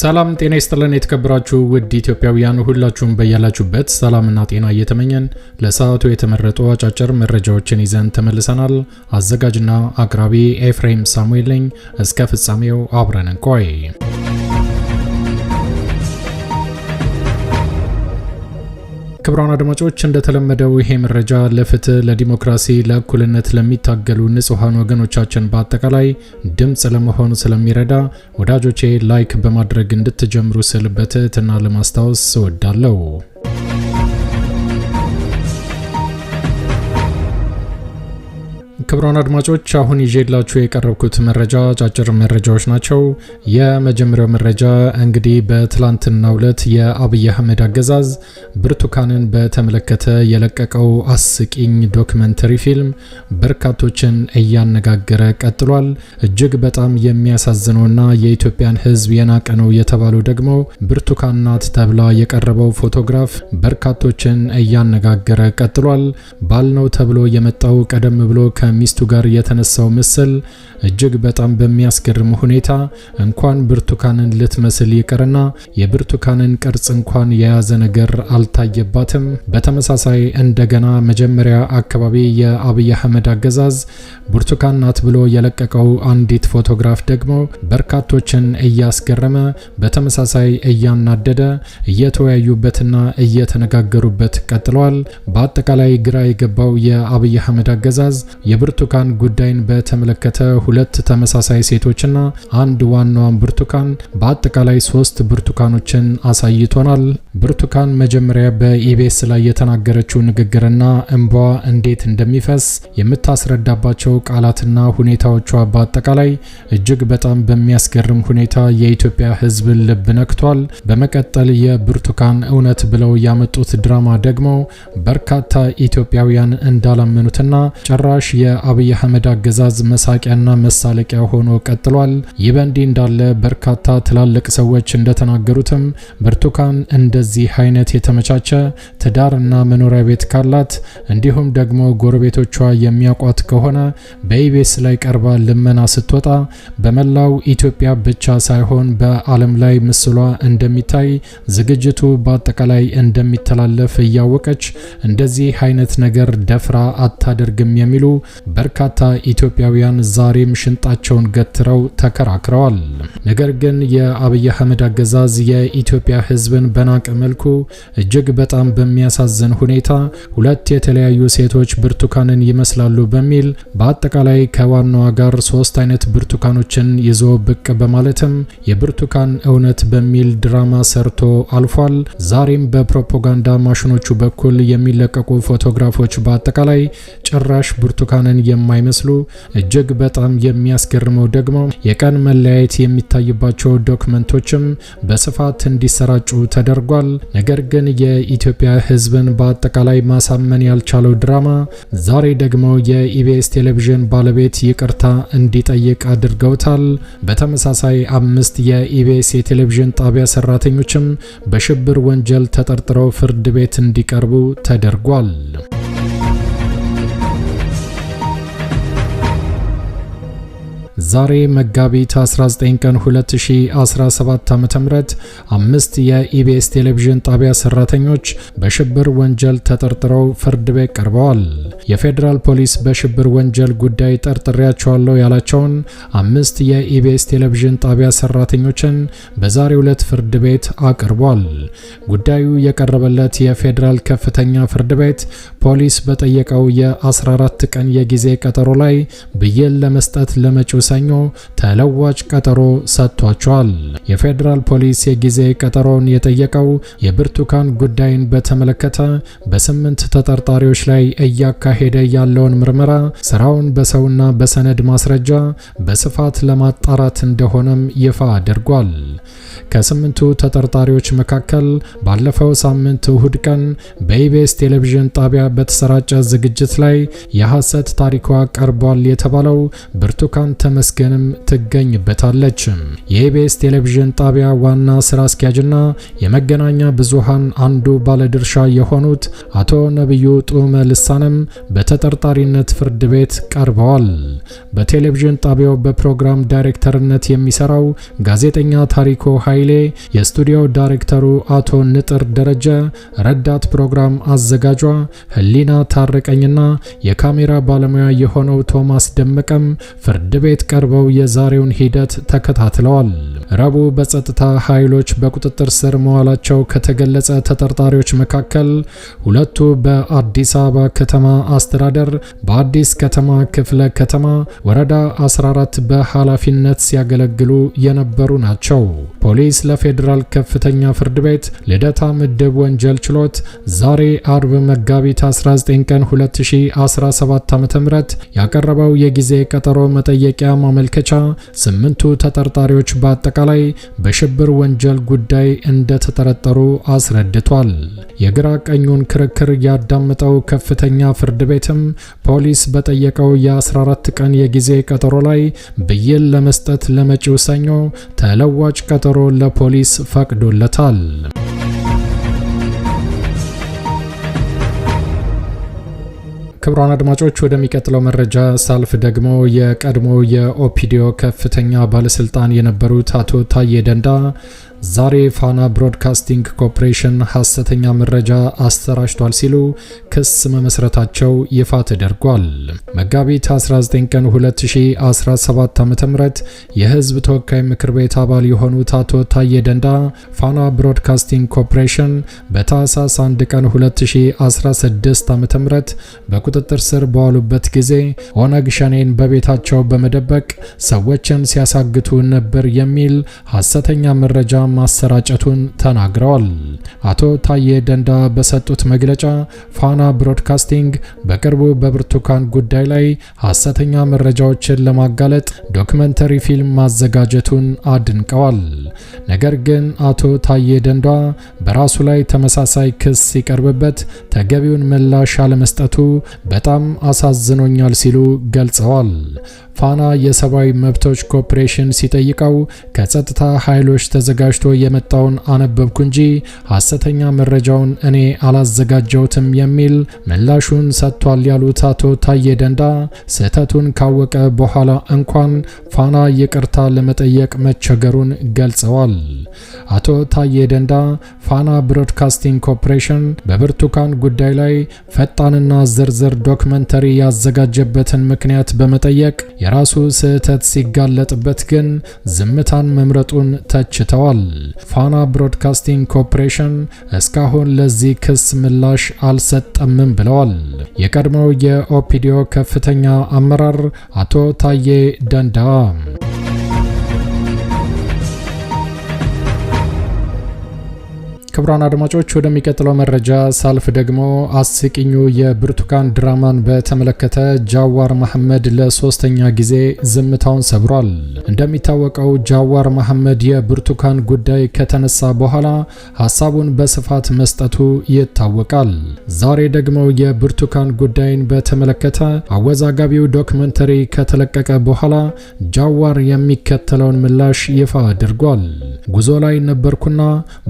ሰላም ጤና ይስጥልን። የተከበራችሁ ውድ ኢትዮጵያውያን ሁላችሁም በያላችሁበት ሰላምና ጤና እየተመኘን ለሰዓቱ የተመረጡ አጫጭር መረጃዎችን ይዘን ተመልሰናል። አዘጋጅና አቅራቢ ኤፍሬም ሳሙኤል ነኝ። እስከ ፍጻሜው አብረን እንቆይ። ክቡራን አድማጮች እንደተለመደው ይሄ መረጃ ለፍትህ፣ ለዲሞክራሲ፣ ለእኩልነት ለሚታገሉ ንጹሐን ወገኖቻችን በአጠቃላይ ድምፅ ለመሆኑ ስለሚረዳ ወዳጆቼ ላይክ በማድረግ እንድትጀምሩ ስል በትህትና ለማስታወስ እወዳለሁ። ክቡራን አድማጮች አሁን ይዤላችሁ የቀረብኩት መረጃ አጫጭር መረጃዎች ናቸው። የመጀመሪያው መረጃ እንግዲህ በትላንትናው ዕለት የአብይ አህመድ አገዛዝ ብርቱካንን በተመለከተ የለቀቀው አስቂኝ ዶክመንተሪ ፊልም በርካቶችን እያነጋገረ ቀጥሏል። እጅግ በጣም የሚያሳዝነውና የኢትዮጵያን ሕዝብ የናቀ ነው የተባለው ደግሞ ብርቱካን ናት ተብላ የቀረበው ፎቶግራፍ በርካቶችን እያነጋገረ ቀጥሏል። ባል ነው ተብሎ የመጣው ቀደም ብሎ ከ ከሚስቱ ጋር የተነሳው ምስል እጅግ በጣም በሚያስገርም ሁኔታ እንኳን ብርቱካንን ልትመስል ይቅርና የብርቱካንን ቅርጽ እንኳን የያዘ ነገር አልታየባትም። በተመሳሳይ እንደገና መጀመሪያ አካባቢ የአብይ አህመድ አገዛዝ ብርቱካን ናት ብሎ የለቀቀው አንዲት ፎቶግራፍ ደግሞ በርካቶችን እያስገረመ በተመሳሳይ እያናደደ እየተወያዩበትና እየተነጋገሩበት ቀጥለዋል። በአጠቃላይ ግራ የገባው የአብይ አህመድ አገዛዝ የብርቱካን ጉዳይን በተመለከተ ሁለት ተመሳሳይ ሴቶችና አንድ ዋናዋን ብርቱካን በአጠቃላይ ሶስት ብርቱካኖችን አሳይቶናል። ብርቱካን መጀመሪያ በኢቢኤስ ላይ የተናገረችው ንግግርና እንባ እንዴት እንደሚፈስ የምታስረዳባቸው ቃላትና ሁኔታዎቿ በአጠቃላይ እጅግ በጣም በሚያስገርም ሁኔታ የኢትዮጵያ ሕዝብን ልብ ነክቷል። በመቀጠል የብርቱካን እውነት ብለው ያመጡት ድራማ ደግሞ በርካታ ኢትዮጵያውያን እንዳላመኑትና ጭራሽ የአብይ አህመድ አገዛዝ መሳቂያና መሳለቂያ ሆኖ ቀጥሏል። ይህ በእንዲህ እንዳለ በርካታ ትላልቅ ሰዎች እንደተናገሩትም ብርቱካን እንደ ለዚህ አይነት የተመቻቸ ትዳርና መኖሪያ ቤት ካላት እንዲሁም ደግሞ ጎረቤቶቿ የሚያውቋት ከሆነ በኢቤስ ላይ ቀርባ ልመና ስትወጣ በመላው ኢትዮጵያ ብቻ ሳይሆን በዓለም ላይ ምስሏ እንደሚታይ ዝግጅቱ በአጠቃላይ እንደሚተላለፍ እያወቀች እንደዚህ አይነት ነገር ደፍራ አታደርግም የሚሉ በርካታ ኢትዮጵያውያን ዛሬም ሽንጣቸውን ገትረው ተከራክረዋል። ነገር ግን የአብይ አህመድ አገዛዝ የኢትዮጵያ ሕዝብን በናቅ መልኩ እጅግ በጣም በሚያሳዝን ሁኔታ ሁለት የተለያዩ ሴቶች ብርቱካንን ይመስላሉ በሚል በአጠቃላይ ከዋናዋ ጋር ሶስት አይነት ብርቱካኖችን ይዞ ብቅ በማለትም የብርቱካን እውነት በሚል ድራማ ሰርቶ አልፏል። ዛሬም በፕሮፓጋንዳ ማሽኖቹ በኩል የሚለቀቁ ፎቶግራፎች በአጠቃላይ ጭራሽ ብርቱካንን የማይመስሉ እጅግ በጣም የሚያስገርመው ደግሞ የቀን መለያየት የሚታይባቸው ዶክመንቶችም በስፋት እንዲሰራጩ ተደርጓል። ተናግረዋል። ነገር ግን የኢትዮጵያ ህዝብን በአጠቃላይ ማሳመን ያልቻለው ድራማ ዛሬ ደግሞ የኢቢኤስ ቴሌቪዥን ባለቤት ይቅርታ እንዲጠይቅ አድርገውታል። በተመሳሳይ አምስት የኢቢኤስ የቴሌቪዥን ጣቢያ ሰራተኞችም በሽብር ወንጀል ተጠርጥረው ፍርድ ቤት እንዲቀርቡ ተደርጓል። ዛሬ መጋቢት 19 ቀን 2017 ዓ.ም አምስት የኢቢኤስ ቴሌቪዥን ጣቢያ ሰራተኞች በሽብር ወንጀል ተጠርጥረው ፍርድ ቤት ቀርበዋል። የፌዴራል ፖሊስ በሽብር ወንጀል ጉዳይ ጠርጥሬያቸዋለሁ ያላቸውን አምስት የኢቢኤስ ቴሌቪዥን ጣቢያ ሰራተኞችን በዛሬው ዕለት ፍርድ ቤት አቅርቧል። ጉዳዩ የቀረበለት የፌዴራል ከፍተኛ ፍርድ ቤት ፖሊስ በጠየቀው የ14 ቀን የጊዜ ቀጠሮ ላይ ብይን ለመስጠት ለመጪው ሰኞ ተለዋጭ ቀጠሮ ሰጥቷቸዋል። የፌዴራል ፖሊስ የጊዜ ቀጠሮውን የጠየቀው የብርቱካን ጉዳይን በተመለከተ በስምንት ተጠርጣሪዎች ላይ እያካሄደ ያለውን ምርመራ ስራውን በሰውና በሰነድ ማስረጃ በስፋት ለማጣራት እንደሆነም ይፋ አድርጓል። ከስምንቱ ተጠርጣሪዎች መካከል ባለፈው ሳምንት እሁድ ቀን በኢቤስ ቴሌቪዥን ጣቢያ በተሰራጨ ዝግጅት ላይ የሐሰት ታሪኳ ቀርቧል የተባለው ብርቱካን ተመ ተመስገንም ትገኝበታለች። የኢቢኤስ ቴሌቪዥን ጣቢያ ዋና ስራ አስኪያጅና የመገናኛ ብዙሃን አንዱ ባለድርሻ የሆኑት አቶ ነቢዩ ጡመ ልሳንም በተጠርጣሪነት ፍርድ ቤት ቀርበዋል። በቴሌቪዥን ጣቢያው በፕሮግራም ዳይሬክተርነት የሚሰራው ጋዜጠኛ ታሪኮ ኃይሌ፣ የስቱዲዮ ዳይሬክተሩ አቶ ንጥር ደረጀ፣ ረዳት ፕሮግራም አዘጋጇ ህሊና ታረቀኝና የካሜራ ባለሙያ የሆነው ቶማስ ደመቀም ፍርድ ቤት ቀርበው የዛሬውን ሂደት ተከታትለዋል። ረቡዕ በጸጥታ ኃይሎች በቁጥጥር ስር መዋላቸው ከተገለጸ ተጠርጣሪዎች መካከል ሁለቱ በአዲስ አበባ ከተማ አስተዳደር በአዲስ ከተማ ክፍለ ከተማ ወረዳ 14 በኃላፊነት ሲያገለግሉ የነበሩ ናቸው። ፖሊስ ለፌዴራል ከፍተኛ ፍርድ ቤት ልደታ ምድብ ወንጀል ችሎት ዛሬ አርብ መጋቢት 19 ቀን 2017 ዓ.ም ያቀረበው የጊዜ ቀጠሮ መጠየቂያ ማመልከቻ ስምንቱ ተጠርጣሪዎች በአጠቃላይ በሽብር ወንጀል ጉዳይ እንደተጠረጠሩ አስረድቷል። የግራ ቀኙን ክርክር ያዳምጠው ከፍተኛ ፍርድ ቤትም ፖሊስ በጠየቀው የ14 ቀን የጊዜ ቀጠሮ ላይ ብይን ለመስጠት ለመጪው ሰኞ ተለዋጭ ቀጠሮ ለፖሊስ ፈቅዶለታል። ክቡራን አድማጮች ወደሚቀጥለው መረጃ ሳልፍ ደግሞ የቀድሞ የኦፒዲዮ ከፍተኛ ባለስልጣን የነበሩት አቶ ታዬ ደንዳ ዛሬ ፋና ብሮድካስቲንግ ኮርፖሬሽን ሐሰተኛ መረጃ አሰራጭቷል ሲሉ ክስ መመስረታቸው ይፋ ተደርጓል። መጋቢት 19 ቀን 2017 ዓ ም የህዝብ ተወካይ ምክር ቤት አባል የሆኑት አቶ ታዬ ደንዳ ፋና ብሮድካስቲንግ ኮርፖሬሽን በታህሳስ 1 ቀን 2016 ዓ ም ቁጥጥር ስር በዋሉበት ጊዜ ኦነግ ሸኔን በቤታቸው በመደበቅ ሰዎችን ሲያሳግቱ ነበር የሚል ሐሰተኛ መረጃ ማሰራጨቱን ተናግረዋል። አቶ ታዬ ደንዳ በሰጡት መግለጫ ፋና ብሮድካስቲንግ በቅርቡ በብርቱካን ጉዳይ ላይ ሐሰተኛ መረጃዎችን ለማጋለጥ ዶክመንተሪ ፊልም ማዘጋጀቱን አድንቀዋል። ነገር ግን አቶ ታዬ ደንዳ በራሱ ላይ ተመሳሳይ ክስ ሲቀርብበት ተገቢውን ምላሽ አለመስጠቱ በጣም አሳዝኖኛል ሲሉ ገልጸዋል። ፋና የሰብአዊ መብቶች ኮርፖሬሽን ሲጠይቀው ከጸጥታ ኃይሎች ተዘጋጅቶ የመጣውን አነበብኩ እንጂ ሐሰተኛ መረጃውን እኔ አላዘጋጀውትም የሚል ምላሹን ሰጥቷል ያሉት አቶ ታዬ ደንዳ ስህተቱን ካወቀ በኋላ እንኳን ፋና ይቅርታ ለመጠየቅ መቸገሩን ገልጸዋል። አቶ ታዬ ደንዳ ፋና ብሮድካስቲንግ ኮርፖሬሽን በብርቱካን ጉዳይ ላይ ፈጣንና ዝርዝር ዶክመንተሪ ያዘጋጀበትን ምክንያት በመጠየቅ የራሱ ስህተት ሲጋለጥበት ግን ዝምታን መምረጡን ተችተዋል። ፋና ብሮድካስቲንግ ኮርፖሬሽን እስካሁን ለዚህ ክስ ምላሽ አልሰጠምም ብለዋል። የቀድሞው የኦፒዲዮ ከፍተኛ አመራር አቶ ታዬ ደንዳ ክቡራን አድማጮች ወደሚቀጥለው መረጃ ሳልፍ ደግሞ አስቂኙ የብርቱካን ድራማን በተመለከተ ጃዋር መሐመድ ለሶስተኛ ጊዜ ዝምታውን ሰብሯል። እንደሚታወቀው ጃዋር መሐመድ የብርቱካን ጉዳይ ከተነሳ በኋላ ሀሳቡን በስፋት መስጠቱ ይታወቃል። ዛሬ ደግሞ የብርቱካን ጉዳይን በተመለከተ አወዛጋቢው ዶክመንተሪ ከተለቀቀ በኋላ ጃዋር የሚከተለውን ምላሽ ይፋ አድርጓል። ጉዞ ላይ ነበርኩና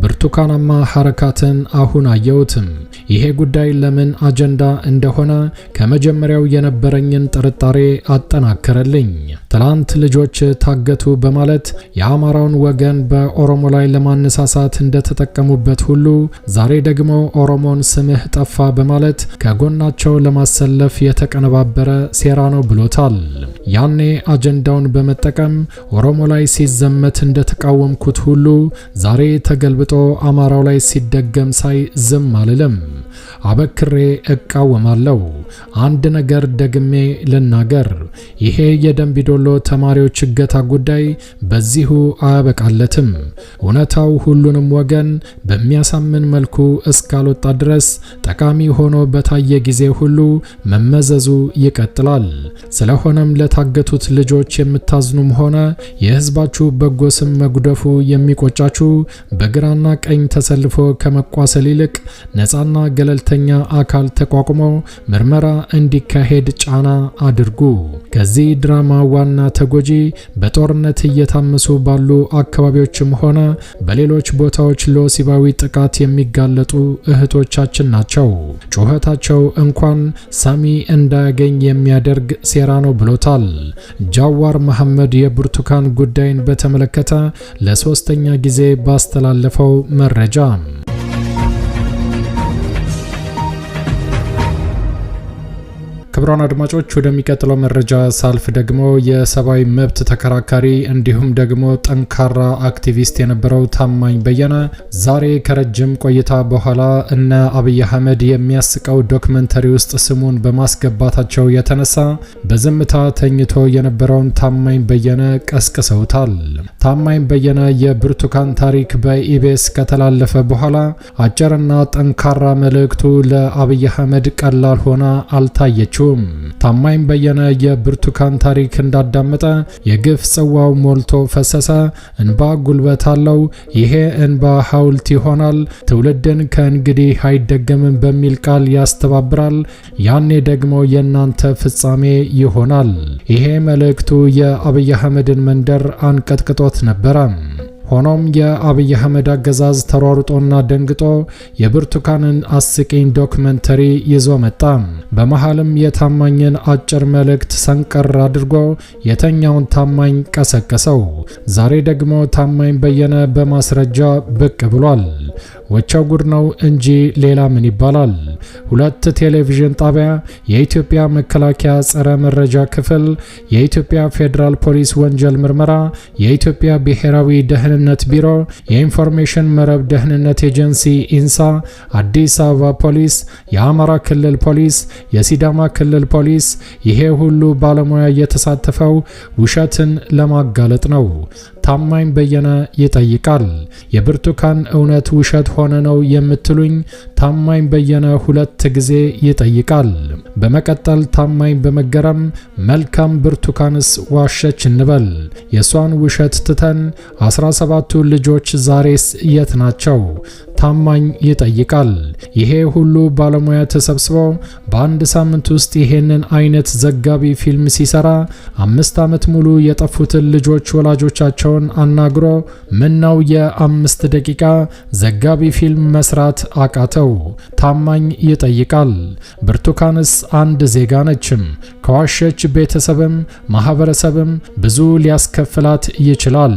ብርቱካናማ ሐረካትን አሁን አየሁትም። ይሄ ጉዳይ ለምን አጀንዳ እንደሆነ ከመጀመሪያው የነበረኝን ጥርጣሬ አጠናከረልኝ። ትላንት ልጆች ታገቱ በማለት የአማራውን ወገን በኦሮሞ ላይ ለማነሳሳት እንደተጠቀሙበት ሁሉ ዛሬ ደግሞ ኦሮሞን ስምህ ጠፋ በማለት ከጎናቸው ለማሰለፍ የተቀነባበረ ሴራ ነው ብሎታል። ያኔ አጀንዳውን በመጠቀም ኦሮሞ ላይ ሲዘመት እንደተቃወምኩት ሁሉ ዛሬ ተገልብጦ አማራው ላይ ሲደገም ሳይ ዝም አልልም፣ አበክሬ እቃወማለሁ። አንድ ነገር ደግሜ ልናገር፣ ይሄ የደንቢዶሎ ተማሪዎች እገታ ጉዳይ በዚሁ አያበቃለትም። እውነታው ሁሉንም ወገን በሚያሳምን መልኩ እስካልወጣ ድረስ ጠቃሚ ሆኖ በታየ ጊዜ ሁሉ መመዘዙ ይቀጥላል። ስለሆነም ለታገቱት ልጆች የምታዝኑም ሆነ የህዝባችሁ በጎ ስም መጉደፉ የሚቆጫችሁ በግራና ቀኝ ተሰ አሰልፎ ከመቋሰል ይልቅ ነፃና ገለልተኛ አካል ተቋቁሞ ምርመራ እንዲካሄድ ጫና አድርጉ። ከዚህ ድራማ ዋና ተጎጂ በጦርነት እየታመሱ ባሉ አካባቢዎችም ሆነ በሌሎች ቦታዎች ለወሲባዊ ጥቃት የሚጋለጡ እህቶቻችን ናቸው። ጩኸታቸው እንኳን ሳሚ እንዳያገኝ የሚያደርግ ሴራ ነው ብሎታል። ጃዋር መሐመድ የብርቱካን ጉዳይን በተመለከተ ለሶስተኛ ጊዜ ባስተላለፈው መረጃ some ክብሯን አድማጮች ወደሚቀጥለው መረጃ ሳልፍ ደግሞ የሰብአዊ መብት ተከራካሪ እንዲሁም ደግሞ ጠንካራ አክቲቪስት የነበረው ታማኝ በየነ ዛሬ ከረጅም ቆይታ በኋላ እነ አብይ አህመድ የሚያስቀው ዶክመንተሪ ውስጥ ስሙን በማስገባታቸው የተነሳ በዝምታ ተኝቶ የነበረውን ታማኝ በየነ ቀስቅሰውታል። ታማኝ በየነ የብርቱካን ታሪክ በኢቤስ ከተላለፈ በኋላ አጭርና ጠንካራ መልእክቱ ለአብይ አህመድ ቀላል ሆና አልታየችው ታማኝ በየነ የብርቱካን ታሪክ እንዳዳመጠ የግፍ ጽዋው ሞልቶ ፈሰሰ። እንባ ጉልበት አለው፣ ይሄ እንባ ሐውልት ይሆናል፣ ትውልድን ከእንግዲህ አይደገምም በሚል ቃል ያስተባብራል። ያኔ ደግሞ የእናንተ ፍጻሜ ይሆናል። ይሄ መልእክቱ የአብይ አህመድን መንደር አንቀጥቅጦት ነበረ። ሆኖም የአብይ አህመድ አገዛዝ ተሯርጦና ደንግጦ የብርቱካንን አስቂኝ ዶክመንተሪ ይዞ መጣ። በመሃልም የታማኝን አጭር መልእክት ሰንቀር አድርጎ የተኛውን ታማኝ ቀሰቀሰው። ዛሬ ደግሞ ታማኝ በየነ በማስረጃ ብቅ ብሏል። ወቻው ጉድ ነው እንጂ ሌላ ምን ይባላል? ሁለት ቴሌቪዥን ጣቢያ፣ የኢትዮጵያ መከላከያ ጸረ መረጃ ክፍል፣ የኢትዮጵያ ፌዴራል ፖሊስ ወንጀል ምርመራ፣ የኢትዮጵያ ብሔራዊ ደህን ደህንነት ቢሮ፣ የኢንፎርሜሽን መረብ ደህንነት ኤጀንሲ ኢንሳ፣ አዲስ አበባ ፖሊስ፣ የአማራ ክልል ፖሊስ፣ የሲዳማ ክልል ፖሊስ። ይሄ ሁሉ ባለሙያ የተሳተፈው ውሸትን ለማጋለጥ ነው። ታማኝ በየነ ይጠይቃል። የብርቱካን እውነት ውሸት ሆነ ነው የምትሉኝ? ታማኝ በየነ ሁለት ጊዜ ይጠይቃል። በመቀጠል ታማኝ በመገረም መልካም ብርቱካንስ ዋሸች እንበል የእሷን ውሸት ትተን ሰባቱ ልጆች ዛሬስ የት ናቸው? ታማኝ ይጠይቃል። ይሄ ሁሉ ባለሙያ ተሰብስበው በአንድ ሳምንት ውስጥ ይሄንን አይነት ዘጋቢ ፊልም ሲሰራ አምስት ዓመት ሙሉ የጠፉትን ልጆች ወላጆቻቸውን አናግሮ ምናው የአምስት ደቂቃ ዘጋቢ ፊልም መስራት አቃተው? ታማኝ ይጠይቃል። ብርቱካንስ አንድ ዜጋ ነችም። ከዋሸች ቤተሰብም ማህበረሰብም ብዙ ሊያስከፍላት ይችላል።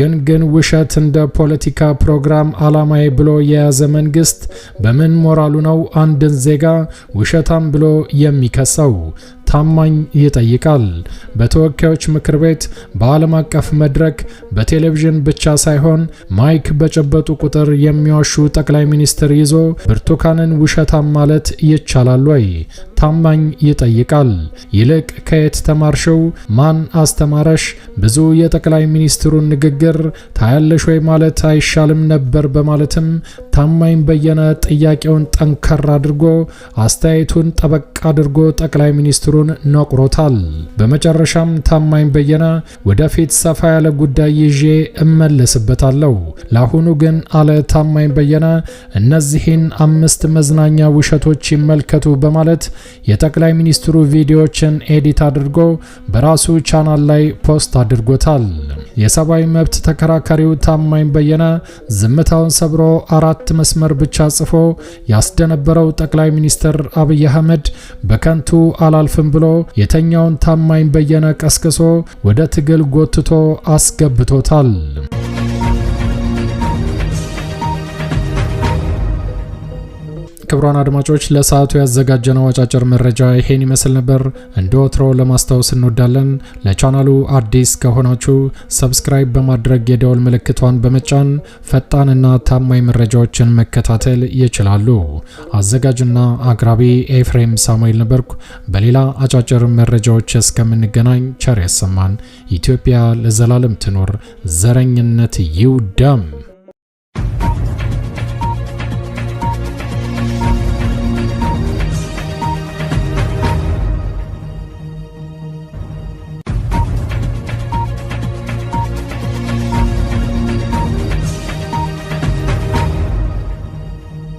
ግን ግን ውሸት እንደ ፖለቲካ ፕሮግራም አላማዬ ብሎ የያዘ መንግስት በምን ሞራሉ ነው አንድን ዜጋ ውሸታም ብሎ የሚከሰው? ታማኝ ይጠይቃል። በተወካዮች ምክር ቤት፣ በዓለም አቀፍ መድረክ፣ በቴሌቪዥን ብቻ ሳይሆን ማይክ በጨበጡ ቁጥር የሚዋሹ ጠቅላይ ሚኒስትር ይዞ ብርቱካንን ውሸታም ማለት ይቻላል ወይ? ታማኝ ይጠይቃል። ይልቅ ከየት ተማርሽው? ማን አስተማረሽ? ብዙ የጠቅላይ ሚኒስትሩን ንግግር ታያለሽ ወይ ማለት አይሻልም ነበር? በማለትም ታማኝ በየነ ጥያቄውን ጠንከር አድርጎ አስተያየቱን ጠበቅ አድርጎ ጠቅላይ ሚኒስትሩ ችግሩን ነቁሮታል። በመጨረሻም ታማኝ በየነ ወደፊት ሰፋ ያለ ጉዳይ ይዤ እመለስበታለሁ። ለአሁኑ ግን አለ ታማኝ በየነ እነዚህን አምስት መዝናኛ ውሸቶች ይመልከቱ በማለት የጠቅላይ ሚኒስትሩ ቪዲዮዎችን ኤዲት አድርጎ በራሱ ቻናል ላይ ፖስት አድርጎታል። የሰብአዊ መብት ተከራካሪው ታማኝ በየነ ዝምታውን ሰብሮ አራት መስመር ብቻ ጽፎ ያስደነበረው ጠቅላይ ሚኒስትር አብይ አህመድ በከንቱ አላልፍም አልችልም ብሎ የተኛውን ታማኝ በየነ ቀስቅሶ ወደ ትግል ጎትቶ አስገብቶታል። ክቡራን አድማጮች ለሰዓቱ ያዘጋጀነው አጫጭር መረጃ ይሄን ይመስል ነበር። እንደ ወትሮ ለማስታወስ እንወዳለን ለቻናሉ አዲስ ከሆናችሁ ሰብስክራይብ በማድረግ የደወል ምልክቷን በመጫን ፈጣንና ታማኝ መረጃዎችን መከታተል ይችላሉ። አዘጋጅና አቅራቢ ኤፍሬም ሳሙኤል ነበርኩ። በሌላ አጫጭር መረጃዎች እስከምንገናኝ ቸር ያሰማን። ኢትዮጵያ ለዘላለም ትኖር! ዘረኝነት ይውደም!